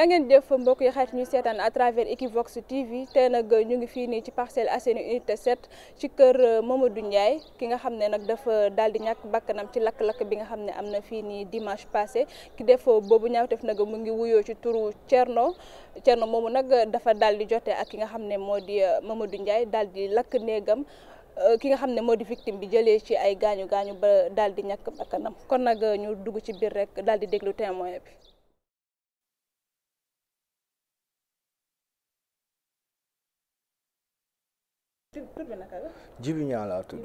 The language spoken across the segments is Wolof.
yaa ngeen jëf mbokk yi xarit ñu seetaan à travers Equivox TV tey nag ñu ngi fii nii ci Parcelles Assainies unité 7 ci kër euh, du Ndiaye ki nga xam ne nag dafa daal di ñàkk bakkanam ci lakk-lakk bi nga xam ne am na fii nii dimanche passé ki def boobu ñaawteef mu ngi wuyoo ci turu Thierno Thierno moomu nag dafa daal di jote ak ki nga xam ne moo di euh, Mamadou Ndiaye daal di lakk néegam euh, ki nga xam ne moo di victime bi jëlee ci ay gaañu gaañu ba daal di ñàkk bakkanam kon nag ñu dugg ci biir rek daal di déglu témoin bi. tur tur bi naka la. laa tudd.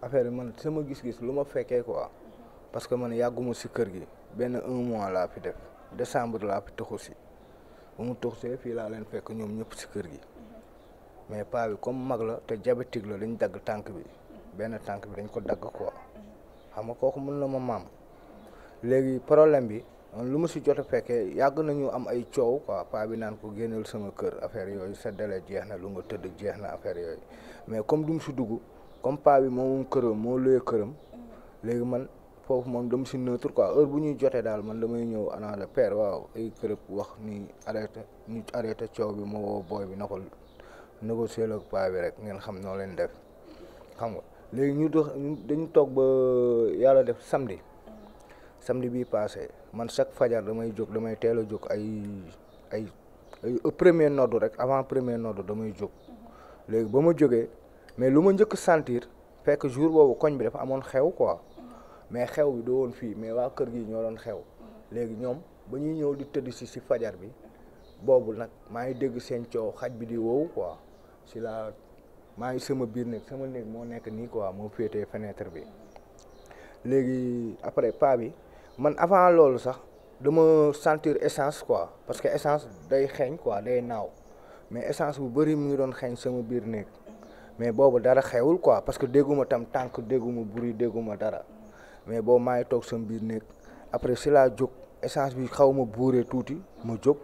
waaw bi man sama gis-gis lu ma fekkee ko quoi. Mhm. parce que man yàgguma si kër gi benn un mois laa fi def décembre laa fi tuxu si bu mu tuxusee fii laa leen fekk ñoom ñëpp si kër gi mhm. mais paa bi comme mag la te diabétique la dañ dagg tànk bi mhm. benn tànk bi dañ ko dagg quoi xam nga kooku mën na ma maam léegi problème bi. lu ma si jot a fekkee yàgg nañu am ay coow quoi paa bi naan ko génneel sama kër affaire yooyu sa jeex na lu nga tëdd jeex na affaire yooyu mais comme du mu si dugg comme paa bi moom kër moo luye këram léegi man foofu moom dama si neutre quoi heure bu ñuy jotee daal man damay ñëw ana la waaw ay kërëb wax ni arrêté ñu arrêté coow bi ma booy bi na ko négocier ak bi rek ngeen xam noo leen def xam léegi dañu toog ba yàlla def samedi. samedi bii passé man chaque fajar damay jóg damay teel a jóg ay ay premier nodd rek avant premier nodd damay jóg mm-hmm. léegi ba ma jógee mais lu ma njëkk sentir fekk jour boobu koñ bi dafa amoon xew quoi mm-hmm. mais xew bi du woon fii mais waa kër gi ñoo doon xew mm-hmm. léegi ñoom ba ñuy ñëw di tëdd si si fajar bi boobu nag maa ngi dégg seen coow xaj bi di wow quoi si la maa ngi sama biir néeg sama néeg moo nekk nii ko moo féetee fenêtre bi léegi après pas bi man avant loolu sax dama sentir essence quoi parce que essence day xeeñ quoi day naaw mais essence bu bëri mu ngi doon xeeñ sama biir néeg mais boobu dara xewul quoi parce que dégguma tam tànk dégguma bruit dégguma dara mais boobu maa ngi sama biir néeg après si laa jóg essence bi xaw ma buuree tuuti ma jóg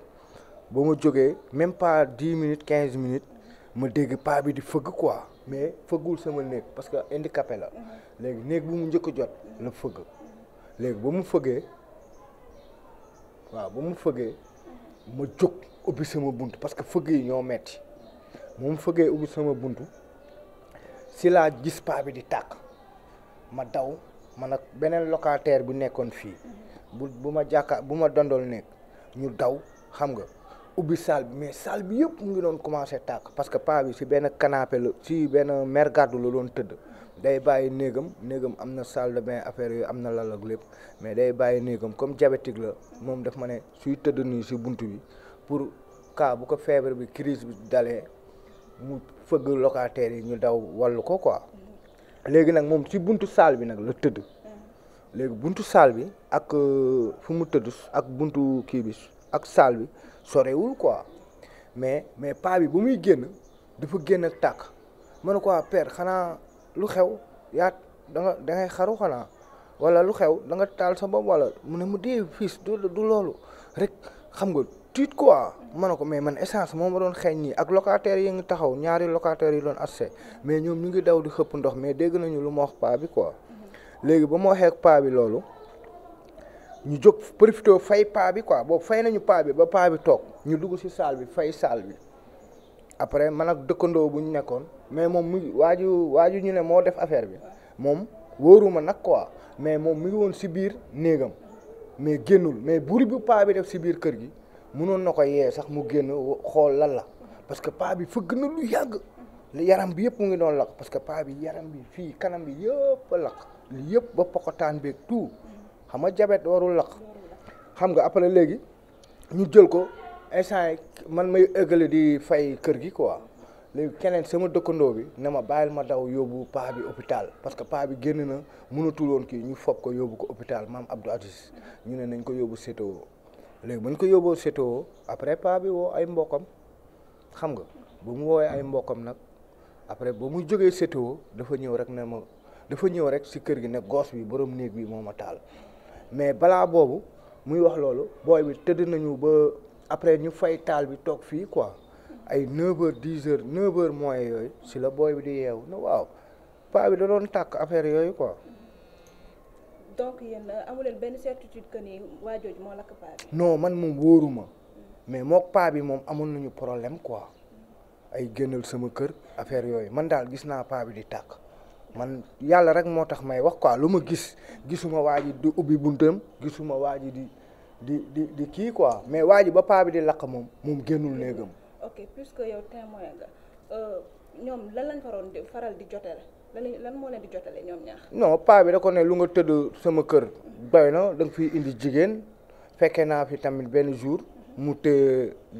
ba ma jógee même pas dix minutes quinze minutes ma dégg paa bi di fëgg quoi mais fëggul sama néeg parce que indi handicapé la mhm. léegi néeg bu mu njëkk jot la fëgg léegi ba mu fëggee waaw ba mu fëggee ma jóg ubbi sama bunt parce que fëgg yi ñoo metti moom fëggee ubbi sama bunt si laa gis paa bi di tàkk ma daw man ak beneen locataire bi nekkoon fii mm-hmm. bu bu ma jàkkaar bu ma dondool nekk ñu daw xam nga ubbi salle bi mais salle bi yëpp mu ngi doon commencé tàkk parce que paa bi si benn kanaape la si benn mergàddu la doon tëdd day bàyyi néegam néegam am na salle de bain affaire yooyu am na lal lépp mais day bàyyi néegam comme diabétique la moom dafa ma ne suy tëdd nii si bunt bi pour cas bu ko feebar bi crise bi dalee mu fëgg locataires yi ñu daw wàllu ko quoi léegi nag moom si buntu salle bi nag la tëdd léegi buntu salle bi ak euh, fu mu tëdd ak buntu kii bi ak salle bi sorewul quoi mais mais paa bi bu muy génn dafa génn ak tàkk man quoi ah, père xanaa lu xew yaa danga nga da ngay xaru xanaa wala lu xew da nga taal sa bopp wala mu ne mu dee fils du du loolu rek xam nga ko quoi man ne ko mais man essence moom ma doon xeeñ nii ak locataires yi nga taxaw ñaari locataires yi doon asse mais ñoom ñu ngi daw di xëpp ndox mais dégg nañu lu ma wax paabi bi léegi ba ma waxee ak paa bi loolu ñu jóg profité fay paa bi quoi boobu fay nañu paa bi ba paa bi toog ñu dugg ci salle bi fay saal bi. après man ak dëkkandoo bu ñu nekkoon mais moom mu waaju waaju ñu ne moo def affaire bi moom wóoruma nag quoi mais moom mu ngi woon si biir néegam mais génnul mais buri bu paa bi def si biir kër gi mënoon na ko yee sax mu génn xool lan la parce que paa bi fëgg na lu yàgg yaram bi yëpp mu ngi doon lakk parce que paa bi yaram bi fii kanam bi yëpp a lakk li yëpp ba pokotaan beek tout xam nga jabet warul lakk xam nga après léegi ñu jël ko. instant man may ëggale di fay kër gi quoi léegi keneen sama dëkkandoo bi ne ma bàyyil ma daw yóbbu paa bi hôpital parce que paa bi génn na mënatul woon kii ñu fob ko yóbbu ko hôpital maam Abdou Aziz ñu ne nañ ko yóbbu CTO léegi bu ñu ko yóbboo CTO après paa bi woo ay mbokkam xam nga ba mu woowee ay mbokkam nag après ba mu jógee CTO dafa ñëw rek ne ma dafa ñëw rek si kër gi ne goos bi borom néeg bi moo ma taal mais balaa boobu muy wax après ñu fay taal bi toog fii quoi ay 9 heures 10 heures 9 yooyu si la booy bi di yeewu ne waaw paa bi da doon tàkk affaire yooyu quoi. donc yéen euh, amuleen benn certitude que ni waa moo lakk paa bi. non man moom wóoruma mais mook paa bi moom amoon nañu problème quoi ay génnal sama kër affaire yooyu man daal gis naa paa bi di tàkk man yàlla rek moo tax may wax quoi lu ma gis gisuma waa ji di ubbi buntam gisuma waa ji di. di di di kii quoi mais waa ji ba paa bi di lakk moom moom génnul néegam. ok puisque yow euh, ñoom lan lañ faroon di faral di jotale lan lan moo leen di jotale ñoom ñaar. non paa bi da ko ne lu nga tëdd sama kër doy na da nga indi jigéen fekkee naa fi tamit benn jour mu të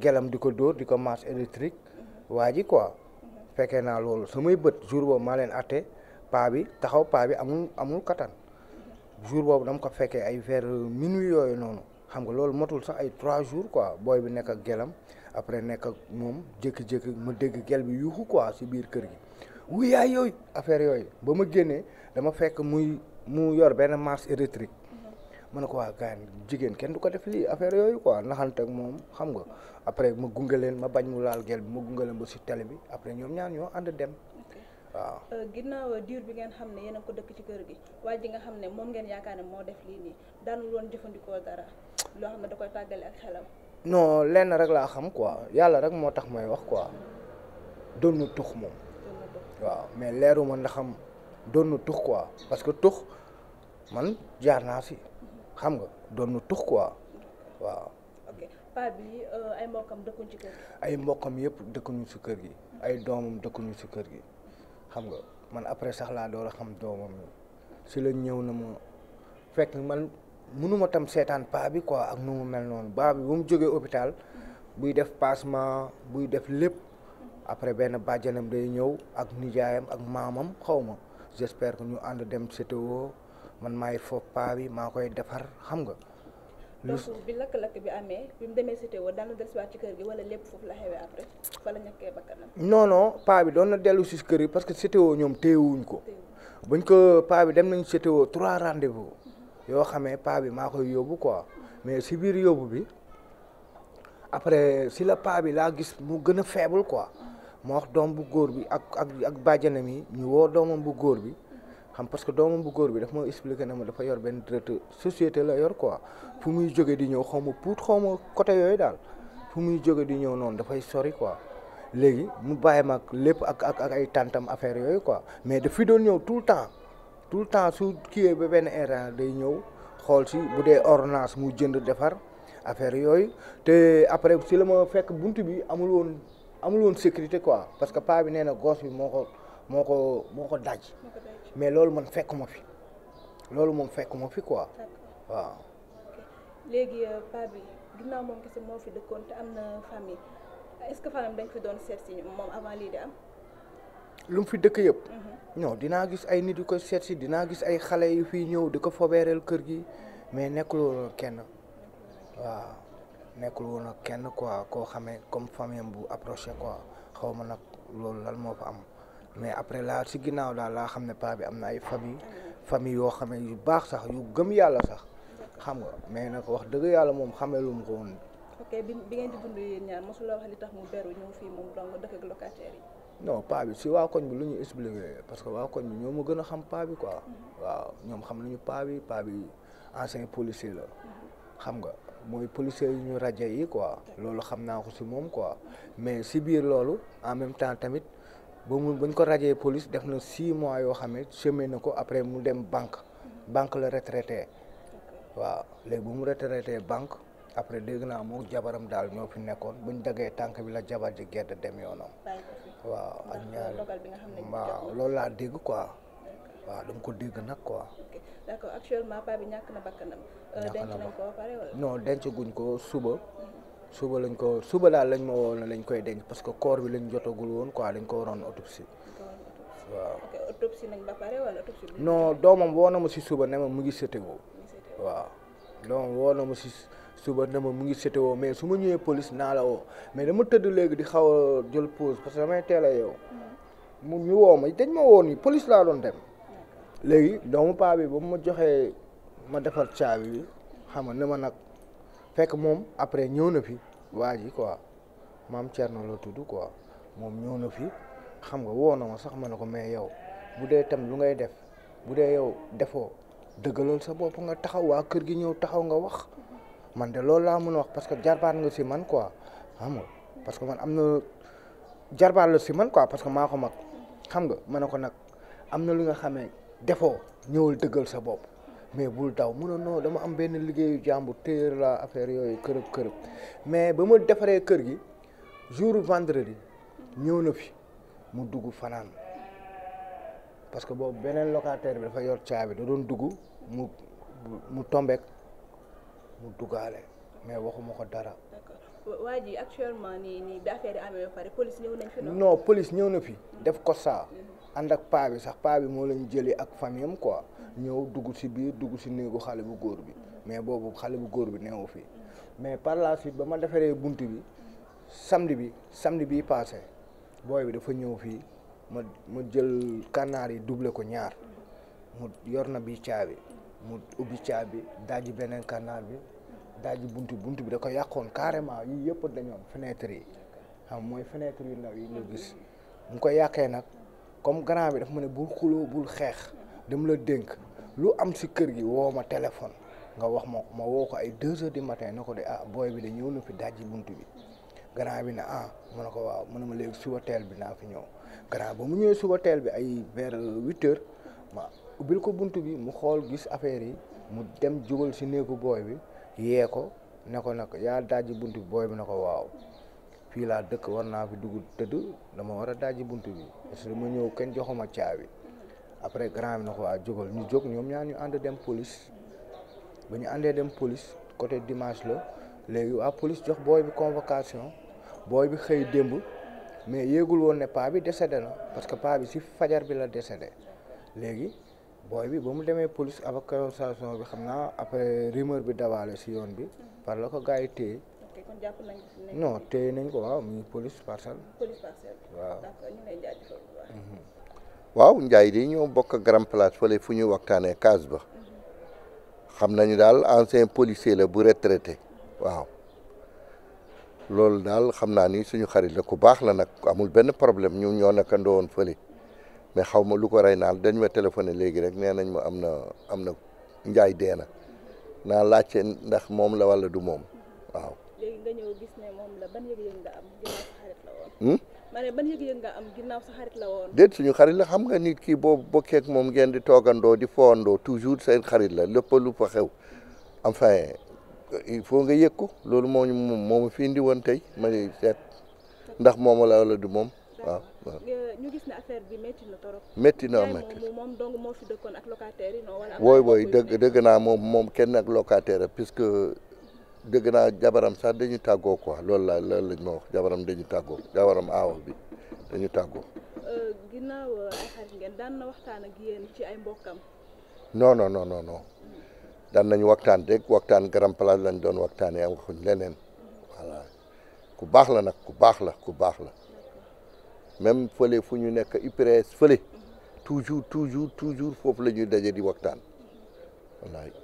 gelam di ko dóor di ko marche électrique mhm. waa ji quoi mhm. fekkee naa loolu samay bët jour boobu maa leen atte paa bi taxaw paa bi amul amul kattan mhm. jour boobu dama ko fekkee ay ver minuit yooyu noonu. xam nga loolu motul sax ay trois jours quoi booy bi nekk ak gelam après nekk ak moom jékki-jékki ma dégg gel bi yuuxu quoi si biir kër gi wuyaay yooyu affaire yooyu ba ma génnee dama fekk muy mu yor benn marche électrique ma ne ko waa gaan jigéen kenn du ko def lii affaire yooyu quoi naxante ak moom xam nga après ma gunge leen ma bañ mu laal gel bi ma gunge leen ba si télé bi après ñoom ñaan ñoo ànd dem waaw euh, ginnaaw diir bi ngeen xam ne yéen ko dëkk ci kër gi waa loo xam ne da koy tàggale ak xelam. non lenn rek laa xam quoi yàlla rek moo tax may wax quoi doon na tux moom. waaw mais leeru man ndax doon na tux quoi parce que tux man jaar naa si xam nga doon na tux quoi waaw. paa bi euh, ay mbokkam dëkkuñ ci kër gi. ay yëpp dëkkuñu si kër gi. ay doomam dëkkuñu si kër gi xam nga man après sax laa door a xam doomam si la ñëw na ma fekk man. mënuma tam seetaan paa bi quoi ak nu mu mel noonu baa bi bu mu jógee hôpital buy def passement buy def lépp après benn bàjjanam day ñëw ak nijaayam ak maamam xawma ma j'espère ñu ànd dem CTO man may foofu paa bi maa koy defar xam nga. donc bi lakk-lakk bi paa bi doon na dellu si kër yi parce que CTO ñoom téyewuñ ko. bañ ko paa bi dem nañ CTO trois rendez-vous. yoo xamee paa bi maa koy yóbbu quoi mais si biir yóbbu bi après si la paa bi laa gis mu gën a faible quoi moo wax doom bu góor bi ak ak ak bàjjanam yi ñu woo doomam bu góor bi xam parce que doomam bu góor bi daf ma expliqué na ma dafa yor benn traite société la yor quoi fu muy jóge di ñëw xaw ma puut xaw ma côté yooyu daal fu muy jóge di ñëw noonu dafay sori quoi léegi mu bàyyi ma lépp ak ak ak ay tàntam affaire yooyu quoi mais daf fi doon ñëw tout le temps. tout le temps su kiiwee ba benn era day ñëw xool si bu dee ordonnance mu jënd defar affaire yooyu te après si la ma fekk bunt bi amul woon amul woon sécurité quoi parce que paa bi neena gos gosse bi moo ko moo ko moo ko daj mais loolu man fekkuma fi loolu moom fekkuma fi quoi waaw. léegi euh, paa bi ginnaaw moom kese moo fi dëkkoon te am na famille est famille dañ fi doon seet si moom avant lii di am. lu mu fi dëkk yëpp. non dinaa gis ay nit yu ko seet si dinaa gis ay xale yu fiy ñëw di ko fobeereel kër gi mais nekkul woon kenn waaw nekkul woon kenn quoi koo xamee comme famille bu approché quoi xaw ma nag loolu lan moo fa am mais après laa si ginnaaw daal laa xam ne paa bi am na ay famille famille yoo xam ne yu baax sax yu gëm yàlla sax xam nga mais nag wax dëgg yàlla moom xamee lu mu ko woon. bi ngeen di dund yéen ñaar mosuloo wax li tax mu beru ñëw fii moom dong dëkk ak yi. non paa bi si waa koñ bi lu ñu expliqué parce que waa koñ bi ñoo ma gën a xam paa bi quoi waaw ñoom xam nañu paa bi paa bi ancien policier la xam nga mooy policier yu ñu rajo yi quoi loolu xam naa ko si moom quoi mais si biir loolu en même temps tamit ba mu bañ ko rajee police def na six mois yoo xam ne semé na ko après mu dem banque banque la retraité waaw léegi ba mu retraité banque après dégg naa moo jabaram daal ñoo fi nekkoon ñu daggee tànk bi la jabar ji gedd dem yoonam waaw ak ñaari dogal bi nga xam ne waaw loolu laa dégg quoi waaw dama ko dégg nag quoi. ok d'accord euh, denc nañ ko ko suba. Mhm. suba lañ ko suba daal lañ ma woo lañ koy denc parce que corps bi lañ jotagul woon quoi dañ ko waroon autopsie. waaw doomam woo na ma si suba ne ma mu ngi sëtewoo. waaw doomam woo na ma si. suba dama mu ngi sétéo mais su ma ñëwee police naa la woo mais dama tëdd léegi di xaw a jël pause parce que damay teel a yow mm-hmm. mu ñu woo ma dañ ma woon nii police laa doon dem léegi doomu paa bi ba mu ma joxee ma defar caabi bi xam nga ne ma nag fekk moom après ñëw na fi waa ji quoi maam Thierno la tudd quoi moom ñëw na fi xam nga woo na ma sax ma ne ko mais yow bu dee tam lu ngay def bu dee yow defoo dëggalal sax bopp nga taxaw waa kër gi ñëw taxaw nga wax man de loolu laa mun a wax parce que jarbaat nga si man quoi xam nga parce que man am na jarbaat si man quoi parce que maa ko mag xam nga ma ne ko nag am na lu nga xamee defoo ñëwal dëggal sa bopp mais bul daw mun a non dama am benn liggéeyu jàmbur téer la affaire yooyu kërëb kërëb mais ba ma defaree kër gi jour vendredi ñëw na fi mu dugg fanaan parce que boobu beneen locataire bi dafa yor caabi da doon dugg mu mu tombeek mu dugaale mais waxuma ko dara. d'accord actuellement nii nii police ñëw na fi mm-hmm. def ko saa mm-hmm. ànd ak paa bi sax paa bi moo lañu jëlee ak famille am quoi mm-hmm. ñëw dugg si biir dugg si néegu xale bu góor bi mais boobu xale bu góor bi neewu fi mais par la suite ba ma defaree bunt bi samedi bi samedi bii passé booy bi dafa ñëw fii ma ma jël kànnaar yi doublé ko ñaar. mu yor na bi caabi mu ubbi caabi daaji beneen kanaar bi daaj bunt buntu bi da ko yàqoon carrément yii yëpp dañoon fenêtre yi xam mooy fenêtre yu ndaw yi nga gis mu ko yàqee nag comme grand bi daf ma ne bul xuloo bul xeex dama la dénk lu am si kër gi woo ma téléphone nga wax ma ma woo ko ay deux heures du matin na ko de ah booy bi de ñëw na fi dajji bunt bi grand bi ne ah mu ne ko waaw mu ne ma léegi suba teel bi naa fi ñëw grand ba mu ñëwee suba teel bi ay vers huit ubbil ko bunt bi mu xool gis affaire yi mu dem jugal si néegu booy bi yee ko ne ko nag yaa dajji bunt bi booy bi na ko waaw fii laa dëkk war naa fi dugg tëdd dama war a dajj bunt bi parce que ma ñëw kenn joxuma caabi après grand na ko waa jógal ñu jóg ñoom ñaar ñu ànd dem police ba ñu àndee dem police côté dimanche la léegi waa police jox booy bi convocation booy bi xëy démb mais yéegul woon ne paa bi décédé na parce que paa bi si fajar bi la décédé léegi booy bi ba mu demee police avec arrestation bi xam naa après rumeur bi dawaale si yoon bi par la ko gars yi téye no jàpp nañ ko waaw muy police parcelle police parcelle waaw mhm. waaw di ñoo bokk grand place fële fu ñu waxtaanee case ba xam nañu daal ancien policier la bu retraité waaw loolu daal xam naa ni suñu xarit la ku baax la nag amul benn problème ñu ñoo nekkandoo woon fële mais xaw ma lu ko rey naa dañ ma téléphoné léegi rek nee nañ ma am na am na njaay dee na naa laajte ndax moom la walla du moom waaw. léegi hmm? suñu xarit la xam nga nit ki boo bokkee moom ngeen di toogandoo di foondoo toujours seen xarit la lépp lu fa xew. enfin il faut nga yëg ko loolu moo ñu moom fi indi tey ma seet ndax moom la wala du moom. waaw euh, waaw. ñu gis ne affaire bi métti na trop. métti na métti moom dong moo fi dëkkoon ak locataire yi non wala. wooy wooy dëgg dëgg naa moom moom kenn ak locataire puisque dëgg naa jabaram sax dañu tàggoo quoi loolu la loolu lañ ma wax jabaram dañu tàggoo jabaram aawa bi dañu tàggoo. Euh, ginnaaw euh, ay xarit ngeen daan na waxtaan ak yéen ci ay mbokkam. non non non non non daan nañu waxtaan rek waxtaan grand place lañ doon waxtaanee waxuñ leneen mm-hmm. voilà ku baax la nag ku baax la ku baax la. même fële fu ñu nekk UPRES fële toujours toujours toujours foofu la ñuy dajee di waxtaan wallaay